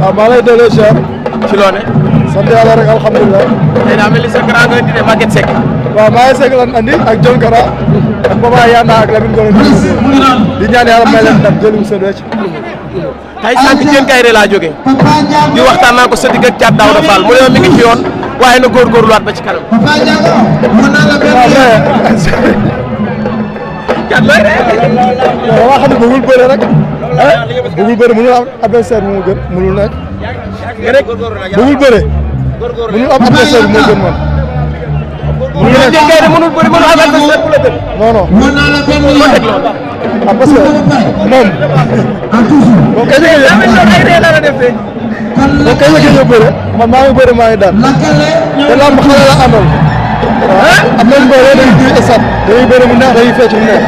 waaw maa lay delloo cher. ci loone sant yàlla rek alhamdulilah. tey daa mel ni sa grand nga indi de Maguette Seck. waaw maa ak John ak Papa Yanda ak Lamine Golo di ñaan yàlla may leen ndam jëliwul seen wécc. tey sànq Diène laa jógee di waxtaan naa ko sa digg ak Thiat Daouda Fall mu ne mi ngi ci yoon waaye na góorgóorluwaat ba ci kanam. waaw mais. Thiat looy rek. waaw xam rek. bëggul bëre mënul am adversaire mu gën mënul nekk. bëggul bëre. mënul am adversaire mu gën man. mënul nekk mënul bëre mënul am adversaire bu la gën. non non. ah parce que moom. boo ko jëlee boo ko jëlee bëre man maa ngi bëre maa ngi daan te làmb xale la àndal. am nañu bëre dañuy duy esat dañuy bëre mu neex dañuy fecc mu neex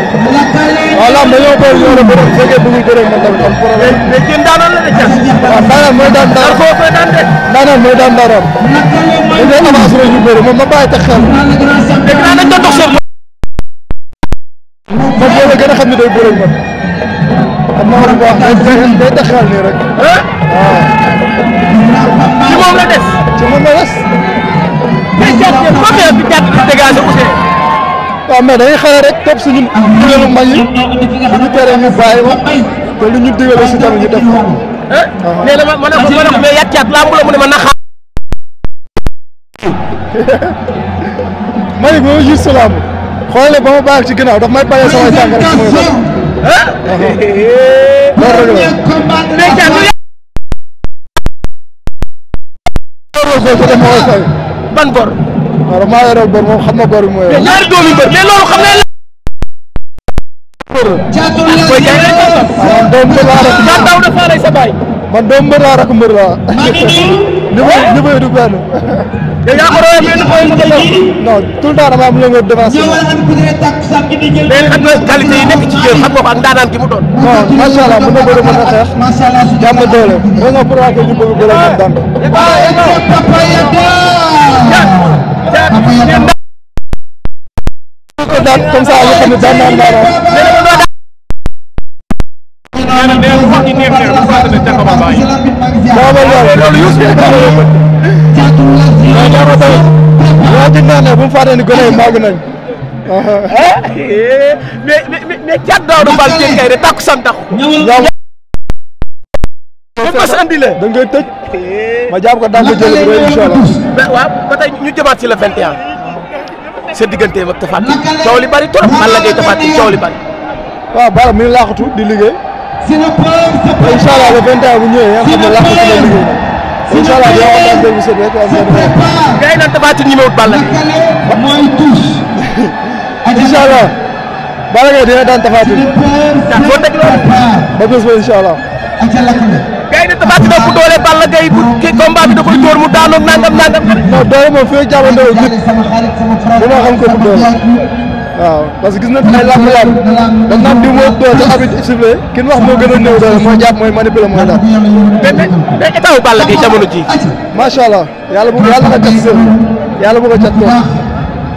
waaw lamb dañoo bëri ñoo la bëri bu fekkee bëggul bëre man tamit am problème mais jën daanaan la de cas waaw daanaan mooy daan daan koo koy daan de daanaan mooy daan daanaan dañ lay avance rek ñu bëri moom ma bàyyi tax xel dégg naa nañ doon dox soog moom moo la gën a xam ne day bëre man am naa lu baax day tax xel nii rek waaw ci moom la des ci moom la des waaw mais dañuy xare rek topp suñu digalu mag yi duñu tere ñu bàyyi ma te lu ñu digal si tamit ñu def ko. Eh, nee na ma ma ne ko ma ne ko mais yàgg caat laa mu ne ma naxaat. ma ne ko yow juste laa xoolee ba ma baax ci ginnaaw daf may bàyyi samay tànk rek mooy sax. Eh? loolu rek la. loolu rek la. ban bor. waaw maa yoreel bor moom xam na bor bi mooy. mais ñaari doomi bor mais loolu xam nañ la. booy jaay lañ koy topp. waaw doomu mbër laa rek. man daaw dafa lay sa baay. man doomu mbër laa rek mbër laa. li may li may du benn. yow yaa ko rawee benn booy mu koy non tout le temps dama am yëngu devant. mais xam nga qualité yi nekk ci jël xam nga ko ak ndaanaan gi mu doon. bon macha allah mën na bëri mën na xeex. jàmm doole. mën nga pour waa kër ñu bëgg bëri ak daan. daan comme ça ñu daan naan daan naan. nee na nee ko tamit ñoo ci naan ne bu mu fàtte ni gone yi màgg nañ. mais mais mais Thiat Daouda Fall Diène Kaïré takku san da ko daan ko jëlee bu rëy incha allah. waaw ñu jëmaat si le 21. sa diggante ba Tapha Tine coow li bari trop man la ngay Tapha Tine coow li bari. waaw Balla mi di liggéey. incha allah le 21 bu ñëwee nga xam ne laaxatu na liggéey nag. incha allah di waxoon daal bu set rek am na. ngay naan Tapha ñi ma Balla Gaye. Balla Gaye dina daan Tapha ba bés ba incha gars yi ne Tapha Tine bu doole Balla Gaye bu da koy dóor mu daanoog nangam nangam. non doole moom fii jàppandoo nit bu ma xam ko mu doole waaw parce que gis nañ ay làmb làmb dañ di moo doole te arbitre sifflé kin wax moo gën a néew doole mooy jàpp mooy manipulé daal. mais Balla Gaye jamono ji macha allah yàlla bu yàlla na cat sër yàlla bu ko cat tool.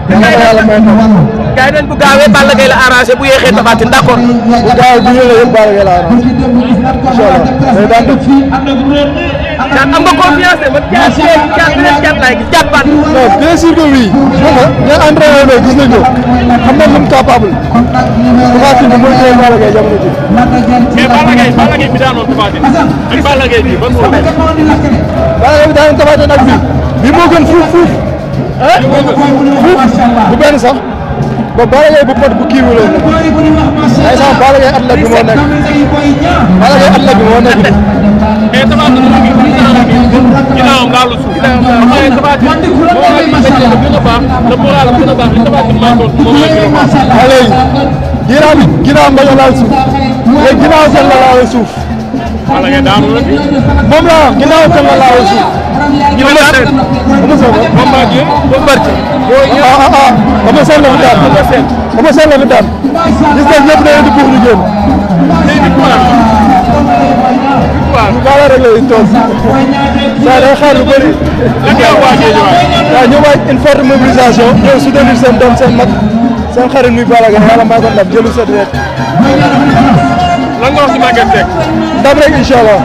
yàlla na yàlla may gars yi bu gaawee Balla Gaye la arrangé bu yéexee Tapha Tine d' accord. bu gaawee bu ñëwee yëpp Balla Gaye la arrangé incha allah day daan am nga confiance de man jaas léegi jaas beneen jaas laay gis jàppaat. non bien sûr que oui. xam nga ña entraîné na gis nañu xam nañ lu mu capable. Tapha Tine mooy teel Balla Gaye jamono ji. mais Balla Gaye Balla Gaye bi daanoon Tapha Tine ak Balla Gaye bi ban moo. Balla Gaye bi daanoon Tapha Tine ak bii bii moo gën fuuf fuuf. ah fuuf bu benn sax. ba Balla Gaye bu pot bu kii wu loolu ay sax Balla Gaye athlète bi moo nekk Balla Gaye athlète bi moo nekk. mais Tapha Tine mi ngi fi ginnaawam daal lu suuf waaye Tapha Tine boo xoolee ñu bëccëg la gën a baax le moral la gën a baax li Tapha Tine maa doon moom la ñu wax. waaw léegi ginnaaw bi ginnaaw bañ a laal suuf léegi ginnaaw seen la laal suuf. Balla Gaye daanu la bi. moom laa wax ginnaaw seen la laal suuf. ñu ne la tey. ba mu soog a. moom maa ngi yëg ba mu barke. ah ah ah ba mu soog la mu daal. Ama Sène la fi daan gis nga ñëpp dañuy di buux ñu génn. lii di quoi. waaw gaaw a saa day xaar lu bëri. lan nga waajee ñëwaat. waaw seen doom seen mag seen xarit muy Balla Gaye yàlla may ko jëlu set wet. lan rek incha allah.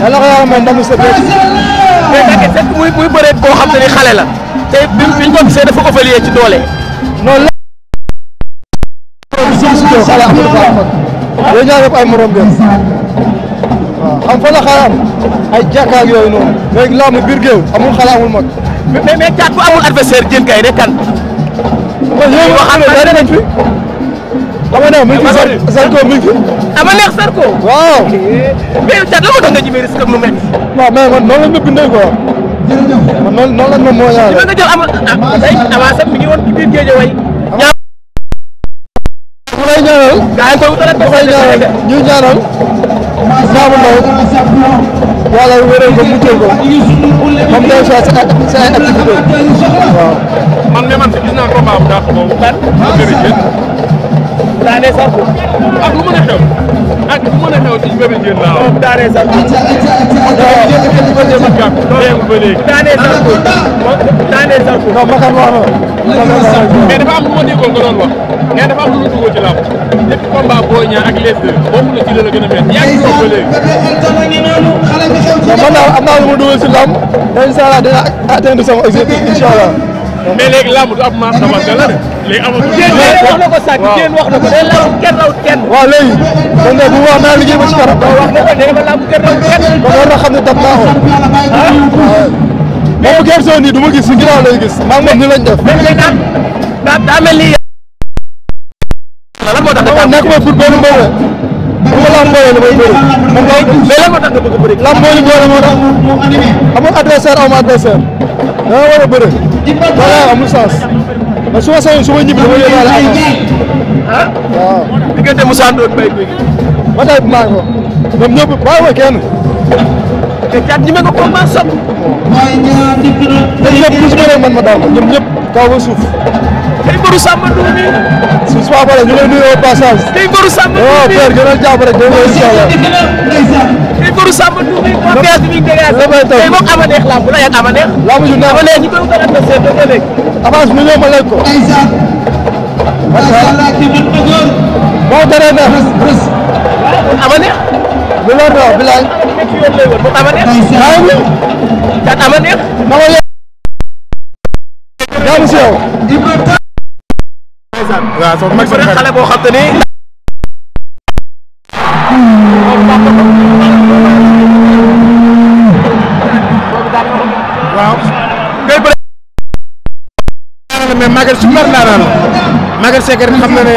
yàlla ko yàlla may ndamu set muy muy bëree xam te xale la. te bi ñu ko gisee dafa ëppalee doole. ñëw xale Amadou Fall mag yooyu la xalaat ay jàkkaag yooyu noonu léegi làmb na danañ fi. ama neex mi ngi fi Zarko mi ngi la ji mais risque am lu ma bindee quoi. jërëjëf ma mooñaale. li koy ñaanal. bu koy ñaanal ñu ñaanal. Samba Ndao. wala wéral ko muccal ko. comme des fois si ak si ay activité waaw. man de man gis naa combat bu dàq boobu. lan nga gërëm daanee sarko ak ah, lu mën a xew ak ah, lu mën a xew ci bébé jën laa moom daanee sarko daanee sarko daanee sarko non makar wax na mais dafa am lu ma déggoon nga doon wax mais dafa am lu ñu dugg ci làmb lépp combat Boy Niang ci la la gën a métti yaa ngi toog ba léegi. man daal ma dugal si làmb te incha allah dina atteindre sama objectif incha allah. mais léegi làmb du ab maas sama la de léegi amatul. wax na ko sànq bu wax naa liggéey ba ci kanam. waaw wax na ko xam ne dab naa ko. moom gerte du ma gis si ginnaaw lay gis. maa ni lañ def. la lan moo tax nga nekkuma pour benn mbéy mi bu ma laal mbéy mi damay bëri. mais lan moo tax nga bëgg a bëri. lan moo ñu boole moo tax amul adversaire amul adversaire da nga war a bëri wala amul sens mais su ma sañoon su ma ñibbi dama yóbbaale avance ah waaw. diggante Moussa Ndoye Mbaye Gouye Gui. ba tey maa ngi ko ñoom ñëpp bàyyi ma kenn. te caat ñi ma ko commencé. te ñëpp ku si bëree man ma daaw ñoom ñëpp kaw ba suuf. tey Mbourou Samba Ndour mi. suuf si waaw ñu lay nuyu au passage. gën a jàpp gën a incha allah. tey Mbourou Samba laa bu la yàgg Amadex. laa mujj naa Amadex ñu koy gën a desee ba léegi. avance bi ñëw ma lekk ko. macha allah. boo teree neex. Amadex. bi loolu noonu bilaay. Amadex. kat Amadex. dama leen. jaamu si ndeysaan waaw sama mag sama xale boo xam te ni waaw ngay bëre mais Maguette super ndaanaan la Maguette Seck xam na ne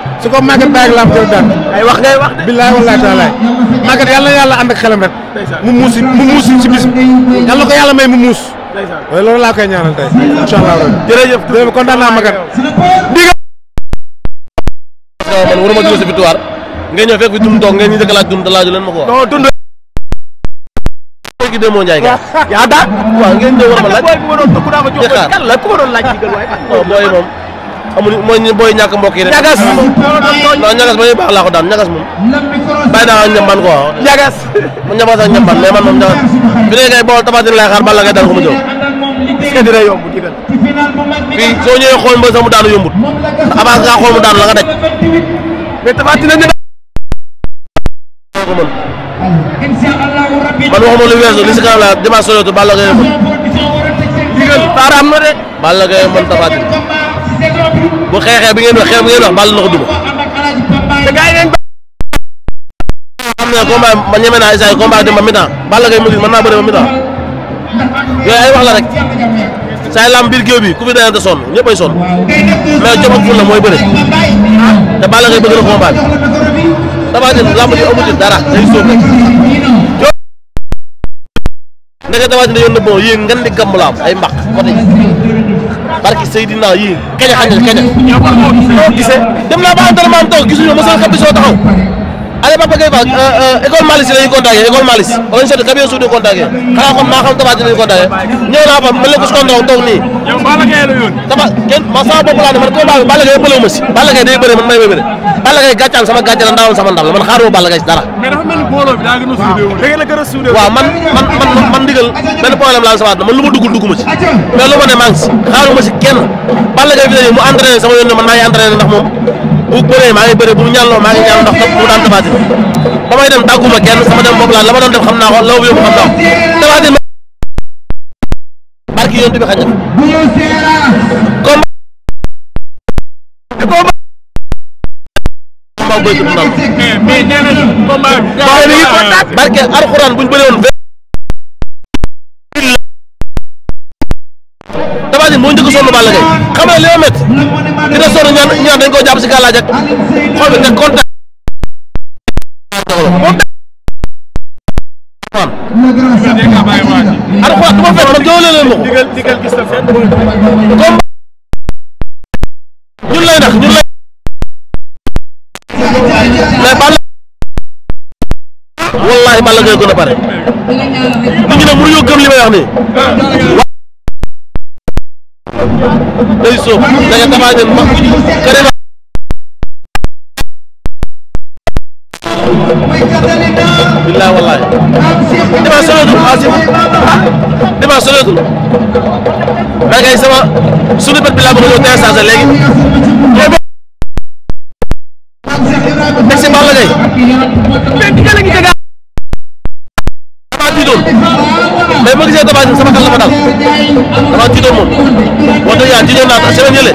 su ko Maguette bàyyi ak laam jël daan. ay wax ngay wax de. billaay wallaay taalaay Maguette yàlla yàlla ànd ak xelam rek. mu muus mu muus ci bis bi. yàlla ko yàlla may mu muus. waaye loolu laa koy ñaanal tey. incha allah jërëjëf jërëjëf kontaan naa Maguette. diga. fekk fi tund toog ngeen ñu njëkk a laaj tund laaju leen ma ko wax. non tund. léegi demoo Ndiaye nga. yaa ma laaj. waaw booy bi ma doon dëkk daa amul mooy ñu booy ñàkk mbokk yi rek. ñagas non ñagas ba ñuy baax laa ko daan moom. ñamban quoi. man moom ñagas bi kay bool tabatin lay xaar bala ngay dal ko mu jóg. soo ñëwee xool mbër sax mu yombut. avant nga mu daanu la nga bu xeexee bi ngeen wax xeex bi ngeen wax bàll na ko duma. te gars yi dañ xam ne combat ma ñeme naa isaay combat naa bëre ba mi yooyu ay wax la rek saay lam biir géew bi ku fi dana te sonn ñëpp mais jom fulla mooy bëre te Balla Gaye bëgg na combat bi dafa jël lamb ji amu ci dara day sóob rek ndeke dafa jël yoon na bon yéen ngeen ay mbaq côté barki Seydina yii. kañ a kañ a kañ a. ñoo gisee dem naa ba entraînement toog gisuñu mosal xam bi soo taxaw. Aliou Papa Gueye Fass euh, euh, école Malick si la ñuy contacter école Malick wala ñu seetlu camion suuf di kon maa xam tabac ma leen ko la yoon. dafa kenn ma sama bopp laa ne man combat bi Balla Gaye ëppale wu Balla Gaye day bëre man may may bëre Balla Gaye gàccaam sama gàcce la ndawam sama ndam la man xaaruma Balla Gaye dara. mais a a a man man man man ndigal benn problème man lu ma duggul dugg ma si mais lu ma ne Balla Gaye fi ne mu entraîné sama yoon ne man maa bu bëree maa ngi bëree bu ñàlloo maa ngi ñàll ndax mu daan Tapha ba may dem dàgguma kenn sama dem bopp laa la ma doon def xam naa ko la ma yóbbu xam naa ko Tapha Tine barki yonent bi xañ na comme combat boy barke alxuraan buñ bëree woon di ko sonn Balla Gaye xam nga li ma métti dina sonn ñaan ñaan dañ koo jàpp si gàllaaj ak xool bi te contact alxuraan du ma fekk man joolee leen ma ko ñun lay nax ñun lay mais Balla wallaahi Balla Gaye gën a bare nit ñi nag mënuñoo gëm li may wax nii day sóob dañuy tabaajal ma kër billaay wallaay dimanche soleetul asif dimanche soleetul da ngay sama suñu bët bi laa bëgg a ñëw tey changé léegi teg si Balla Gaye tiitoon mais bu ma gisee Tapha Tine sama xel la fa dal damaa tiitoon moom wax dëgg yàlla tiitoon naa semaine yële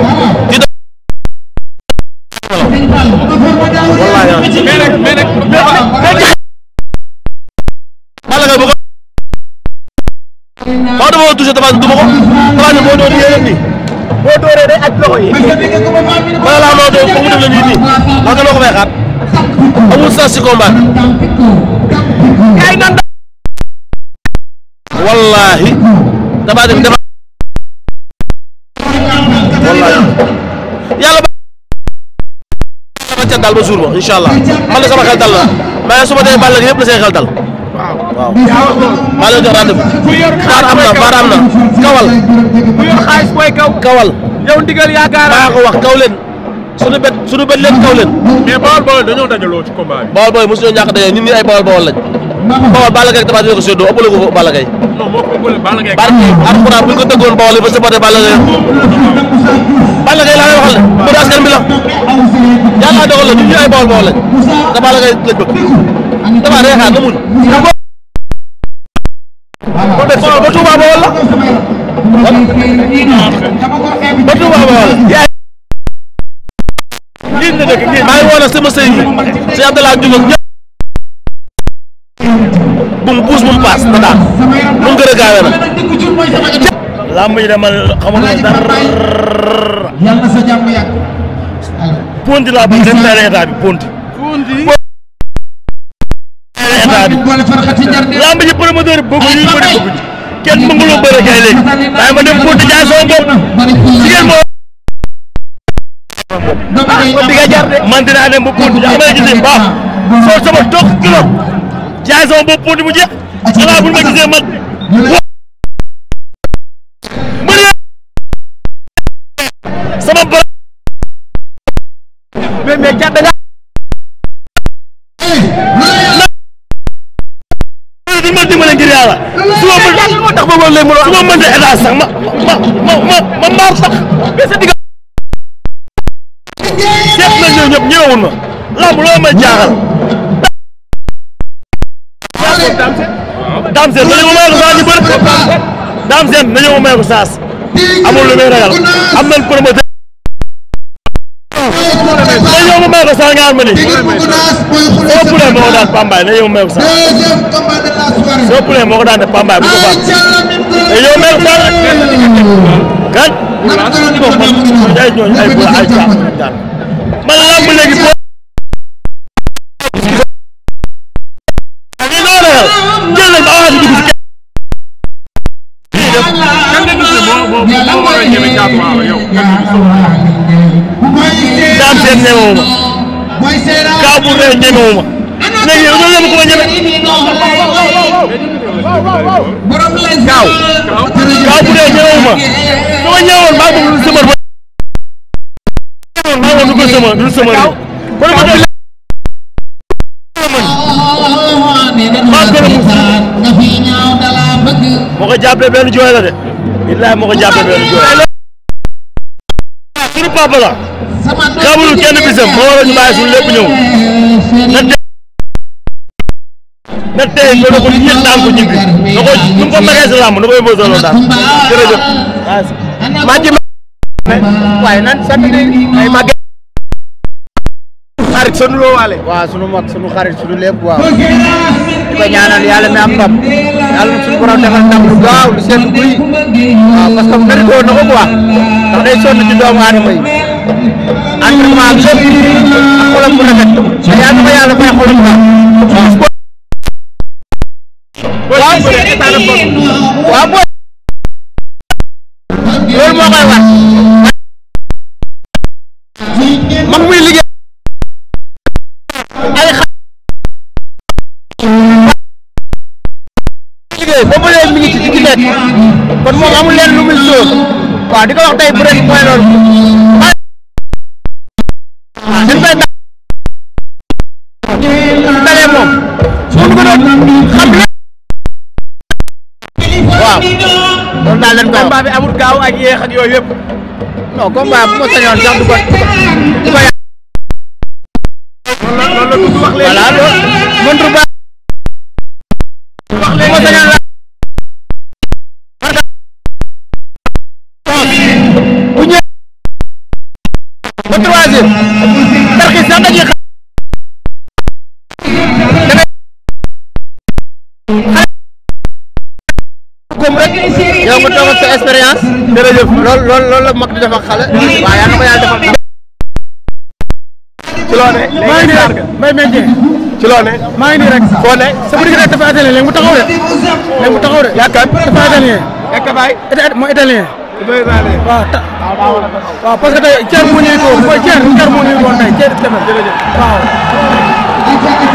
tiitoon. wallaahi ah. mais nag mais nag. Balla Gaye bu ko. waaw dama doon touché Tapha Tine duma ko Tapha Tine boo doon yéen nii boo dooree day ak loxo yi. bala laa moo doon ba mu def la nii nii wax nga loo ko fay xaar amul sens si combat. wallaahi damaa dem damaa. wallaahi ba. dama ca dal ba jour allah man sama xel dal la mais su ma dee Balla yëpp la seen xel dal. maa leen na maar am ko wax kaw leen. suñu bet suñu bet leen kaw leen. mais Baol Baol dañoo daje ñun ñii ay Baol Baol lañ. Bawol Balla Gaye ak Tapha Tine ko séddoo ëppale ko Balla Gaye. non moo ko ëppale Balla Gaye. barke Alxuraan bu ñu ko tëggoon Bawol yi ba sëppate Balla Gaye. Balla Gaye laa lay waxal la bu askan bi la yàlla dogal la ñun ñu ay Bawol Bawol lañ te Balla Gaye lañ bëgg damaa day xaar demuñu. kon de Bawol ba Touba Bawol la. ba Touba Bawol la. lii nga dëkk lii maa ngi woon ak sama sëñ bi sëñ Abdoulaye Diouf bu mu puus bu mu paas na daan lu mu gën a gaawee nag. làmb ji dama xamul dara. yàlla na sa jàmm yàgg. ponti laa bëgg ren daal état bi ponti. ponti. état bi. làmb ji promoteur bi bëgguñu ñu bëri bëgguñu kenn mu ngi lu bëri kay léegi waaye ma dem ponti jaay sama bopp jigéen moo. ah kon di nga jaar de man dinaa dem ba ponti jaay ma lay gisee baax soo sama toog kilo. jaay sama bopp ma gisee man. sama bopp. mais ma dimbale ngir ma mën ma tax Dame Sène dañoo may ko saas yu bëri Dame Sène dañoo may ko saas amul lu muy ragal am nañ promoteur. dañoo ma may ko saas nga ma ni soo pulee moo ko daan Pambaay dañoo may ko saas soo pulee moo ko daan ne Pambaay bu ko faat dañoo may ko saas kat. ñooñu ay ay ay ay man lamb moo war a ñeme caatu waalo yow. daam seen ñemewu ma. kaa bu rëy ñemewu ma. léegi yow ñoo ñeme ku ma ñeme. kaaw kaa bu rëy ñemewu ma. su ma ñemewoon maa ngi ko sëmër ba. maa ngi ko sëmër du sëmër ma. kon ma doon maa ngi ko mën. maa ngi ko mën. boo ko jàppee benn jooy la de. billaay moo ko jàppee benn jooy. Ah, suñu papa la. xamul kenn bisam moo waral ñu bàyyi na tey na tey nga ne ko ñett daan na ko nu ko magee si làmb na ko yóbboo solo daal jërëjëf. maa ngi waaye nan sunu loo waale. sunu mag sunu sunu lépp waaw. di ko ñaanal yàlla mi am ndam ko defal ndam lu gaaw lu seen buy waaw ah, parce que mérite woon na ko quoi ndax day sonn ci doomu aadama yi entraînement ak lépp ak xolam bu rafet te yàlla na ma yàlla fay xolam bu baax. waaw waaw booy. loolu moo koy war. mag muy liggéey. bëre boobu léegi mi ngi leen lu muy sóor waaw di ko wax tey bëre mooy loolu. dañ koy dalee moom suñu ko doon xam lépp. waaw loolu daal lañ koy wax combat bi amul gaaw ak yéex ak yooyu yëpp. non combat bu ma sañoon sax du ko du ko yàq. la tarxiis tarxiis sax dañuy xam comme rek yow nga toog ak sa expérience jërëjëf lool lool loolu la mag di def ak xale waaw yaa na ko yàlla defal ci loo ne maa ngi nii rek may meññee ci loo ne maa ngi nii rek foo ne sa bëri rek dafa italien léegi mu taxaw de léegi mu taxaw de yaakaar dafa italien mooy italien waaw ta waaw parce que tey ceeb moo ñuy doon mooy ceeb ceeb moo ñuy doon tey ceeb tamit